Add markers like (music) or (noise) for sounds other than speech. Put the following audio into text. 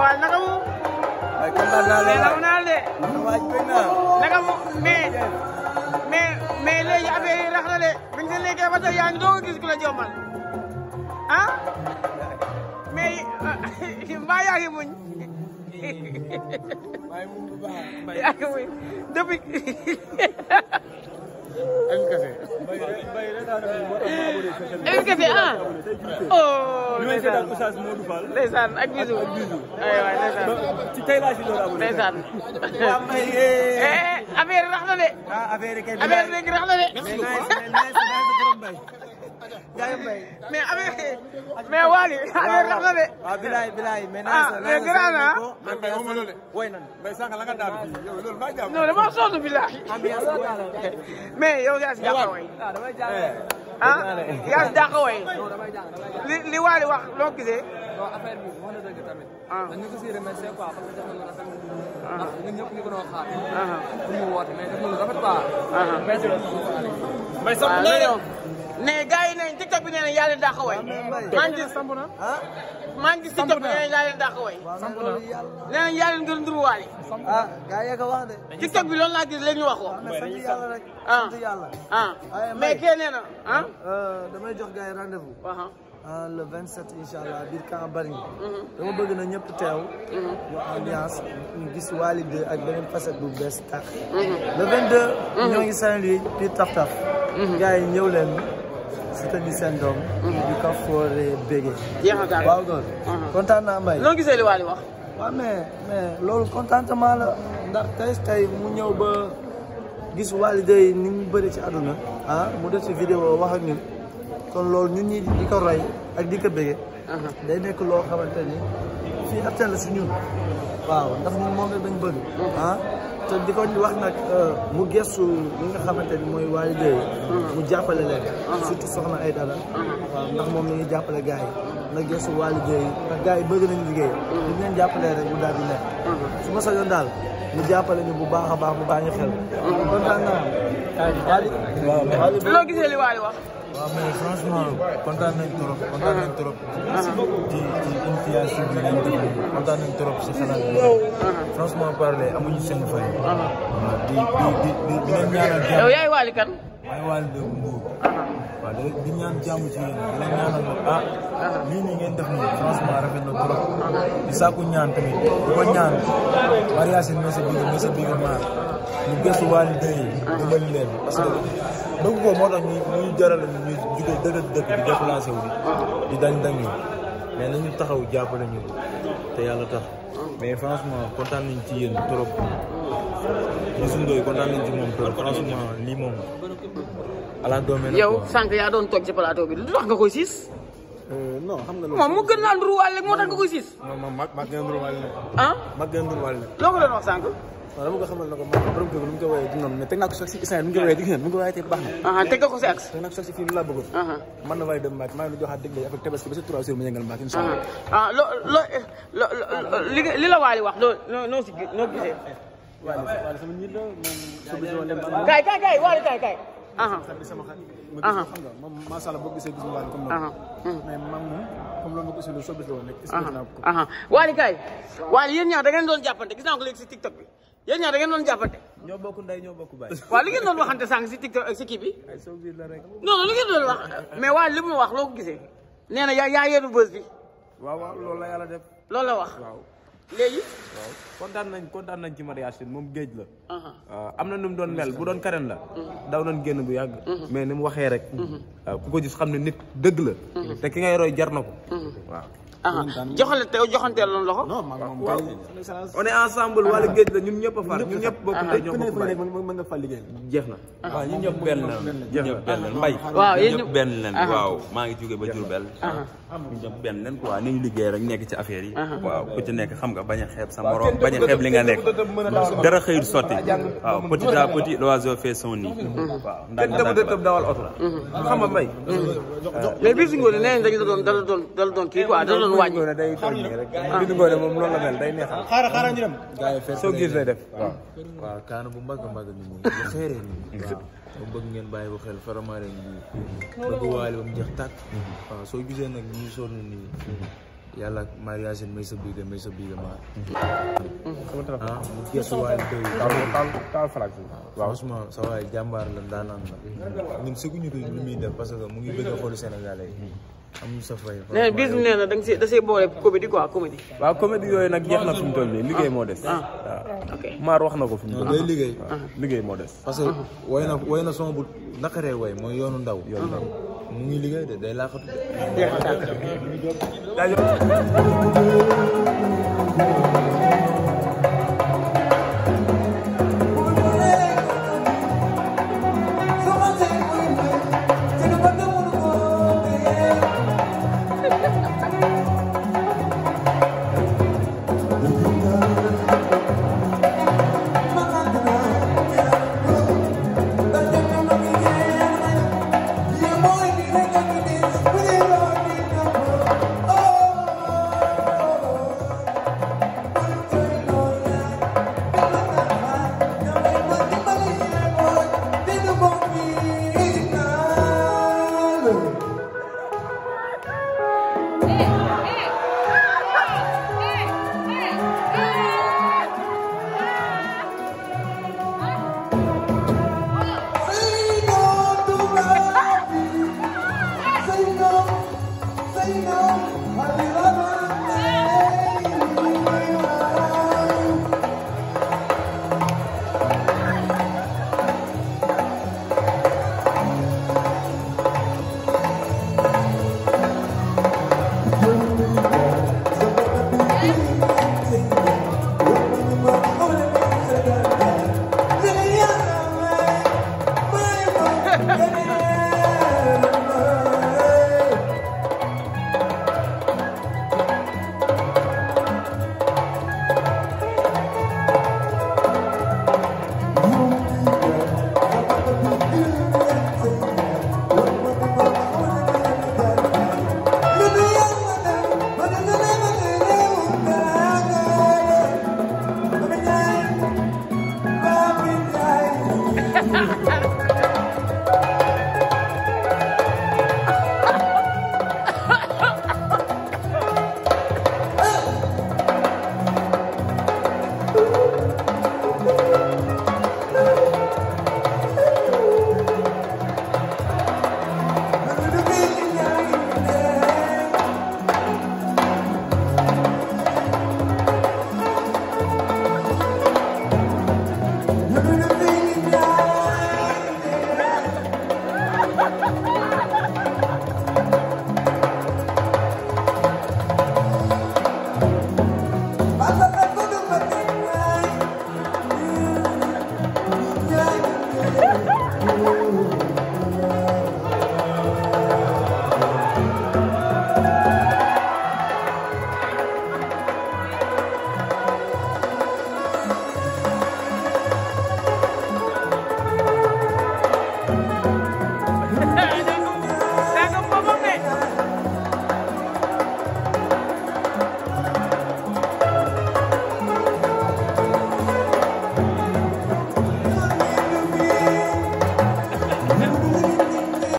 waaw naka mu. waaye kontaan naa leen waaye naa de. waaye rax na de bi nga léegi ba tey yaa ngi doog a ku la jommal ah mais ah, (laughs) mbaa yaa ngi (laughs) Habib Kassé. Habib Kassé ah. oh ndeysaan ndeysaan ak Bijou. aywa ndeysaan. ndeysaan. Eh, affaire rax na de. Ah, affaire rax na de. jaayam a mais affaire mais Wally affaire rax na de waaw bilaay a mais ah, naa mais grand na mais bay waxuma loolu way yow loolu maa jàmm way li li Wally wax loo gisee non affaire bi wax na dëgg tamit ah. dañu ko si remercier quoi parce que def na lu rafet ah. ndax ñun ñëpp ñu ko doon ne gars yi ne tiktok bi nee na yaa leen dàq way. maa ngi gis maa ngi gis tiktok bi nee na yaa leen dàq way. samp na nee na yaa leen gën nduruwaale. Ah, wax de. tiktok bi loolu laa gis léegi ñu wax ko. sant yàlla rek ah. ah. Eh, mais kee nee na ah. Euh, damay jox gars yi rendez-vous. le 27 incha allah biir camp bari mhm. dama bëgg na ñëpp teew. Mhm. ñu ambiance ñu gis Wally 2 ak beneen facette bu bees tax. Mhm. le 22. ñoo ngi Saint-Louis biir Taf Taf. gars yi ñëw leen. sita bi seen doom di ko foore bége waaw doon mhm. kontaan naa mbay gisee li Wally wax waaw mais mais loolu contentement la ndax tey tey mu ñëw ba gis Wally Day ni mu ci àdduna ah mu def ci vidéo wax ak ñun kon loolu ñu ñi di ka roy ak di ko bége mhm. day nekk loo xamante ni fii attel la si ñun waaw ndax ñun moom la dañ bëgg mhm. ah te di ko wax nag euh, mu gëstu li nga xamante ni mooy waa liggéey hmm. mu jàppale leen hmm. surtout soxna ay dara hmm. waaw ndax moom mi ngi jàppale gars yi na gëstu waa liggéey ndax gars yi bëgg nañ liggéey li ñu leen rek mu daal su ma sañoon daal mu jàppale ñu bu baax a baax bu baax ñu xel. kontaan naa. waaw loo gisee li waay wax. waaw mais franchement kontaan nañ trop kontaan nañ trop. merci beaucoup ci ci initiative bi ngeen def kontaan nañ trop si xalaat bi. franchement parler amuñu seen fay. Uh-huh. di di di di di leen ñaanal jàmm. yow yaay waali kan. maay waali de Mbour. waaw da di ñaan jàmm ci yéen di leen ñaanal ah lii nii ngeen def nii franchement rafet na trop di sàkku ñaan tamit di ko ñaan mariage yi message bi message bi ñu gëstu waali day dimbali leen parce que bëgg ko moo tax ñu jaral ñu jóge dëkk dëkk di déplacé wu di dañ dañ ñu mais nañu taxaw jàppale ñu te yàlla tax mais franchement kontaan nañ ci yéen trop Youssou Ndoye kontaan nañ ci moom trop franchement lii moom ala doome na yow sànq yaa doon toog ci plateau bi lu tax nga koy siis. Euh, non moom mu gën naa nduruwaale rek moo tax nga koy siis. mag mag gën a nduruwaale a ko doon wax sànq. waaw dama ko xamal ne ko man borom kër gi nu mu ko woowee du noonu mais teg naa ko sax si instant yii nu mu ko woowee gis ngeen nu mu ko woowee baax na. teg nga ko si teg naa ko sax lu laa bëggoon. mën na waay dem Mbacke maa ngi joxaat dégg nga affaire tabaski ba mu yëngal Mbacke incha allah. ah eh, li la Waly wax noo noo si noo gisee. Waly sama njiit la moom. kay kay kay Waly kay kay. xarit sama xarit ma gis xam nga moom macha allah boo gisee gis Waly comme moom mais man moom comme loolu ma ko sulu doon jàppante gis naa ko léegi si TikTok bi yéen ñaar da doon jàppante ñoo bokk ndey ñoo bokk baay waaw li ngeen doon si TikTok si kii bi ay la doon wax mais Waly li mu wax loo ko gisee nee na yaa yaa bi waaw loolu la yàlla def la wax waaw léegi. kontaan nañ kontaan nañ ci mariage moom géej la. am na nu mu doon mel bu doon karen la. Mhm. daw nañ génn bu yàgg. Mhm. mais ni mu waxee rek. Mhm. ku ko gis xam ne nit dëgg la. te ki ngay roy jar na ko waaw. joxale te joxanteel loon loxo. non man moom on est ensemble wala ah. géej la ñun ñëpp a far ñun ñëpp bokk na ñoo bokk rek mën nga fa jeex na ah. ah. mbay waaw benn la waaw maa ngi jóge ba Diourbel ñun ñëpp benn lañ quoi ni ñu liggéey rek nekk ci affaire yi waaw ku ci nekk xam nga bañ a xeeb sa morom bañ a xeeb li nga nekk dara xëyul sotti waaw petit à petit l'oiseau fait son nid mm-hmm. waaw ndax tëb tëb dawal oto mm-hmm. xam nga mbay mm-hmm. mais bi si ngoone nee dañu doon dala doon dala doon kii quoi wàññi xam nga ah. Bintu Ngoné moom noonu la mel day neexal. xaaral xaaral dem. soo gis def waaw. waaw kaanu bu mag a mag ñu ngi ñu xeeree nii. waaw moom bëgg ngeen bàyyi xel faramaare bi bëgg waale ba mu jeex tàkk. Mhm. waaw soo gisee mhm. may sa biir may sa biir maa. ah mu gëstu waaye doy. taal taal farak bi. waaw Ousmane sa waay jàmbaar la ndaanaan la. Mhm. ñun sëguñu muy def parce que mu ngi bëgg a xool Sénégalais amul sa fay. nee bis nee na da nga see da yooyu nag jeex na fi mu toll nii liggéey moo des. Ah. waaw maar wax na ko fi mu toll. day liggéey ah, ah. liggéey moo des. parce que way na way na son way mooy yoonu ndaw. yoonu ndaw mu ngi liggéey de day laaxatu de. Ha (laughs) Ooh.